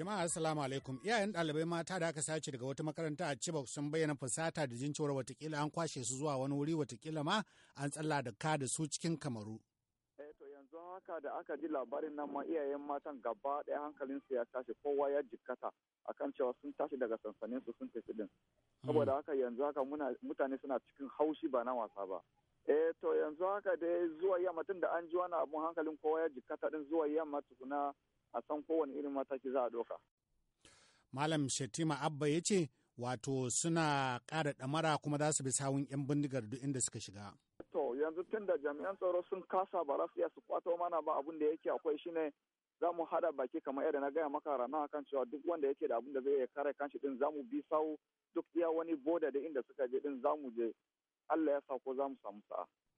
Jama'a assalamu alaikum. Iyayen ɗalibai mata da aka sace daga wata makaranta a Chibok sun bayyana fusata da jin watakila an kwashe su zuwa wani wuri watakila ma an tsalla da ka da su cikin kamaru. Eh, yanzu haka da aka ji labarin nan ma iyayen matan gaba ɗaya hankalinsu ya tashi kowa ya jikkata akan cewa sun tashi daga sansanin su sun tafi din. Hmm. Saboda haka yanzu haka muna mutane suna cikin haushi ba na wasa ba. Eh to yanzu haka dai zuwa yamma tun da an ji wani abun hankalin kowa ya jikkata din zuwa yamma tukuna a san kowane irin mataki za a doka. Malam Shetima Abba ya ce wato suna kara ɗamara kuma za su bi sawun 'yan bindigar duk inda suka shiga. To yanzu tun da jami'an tsaro sun kasa ba su su kwato mana ba abin da yake akwai shine za mu haɗa baki kamar yadda na gaya maka rana kan cewa duk wanda yake da abin da zai kare kanshi din za mu bi sawu duk iya wani boda da inda suka je din za mu je Allah ya sa ko za mu samu sa'a.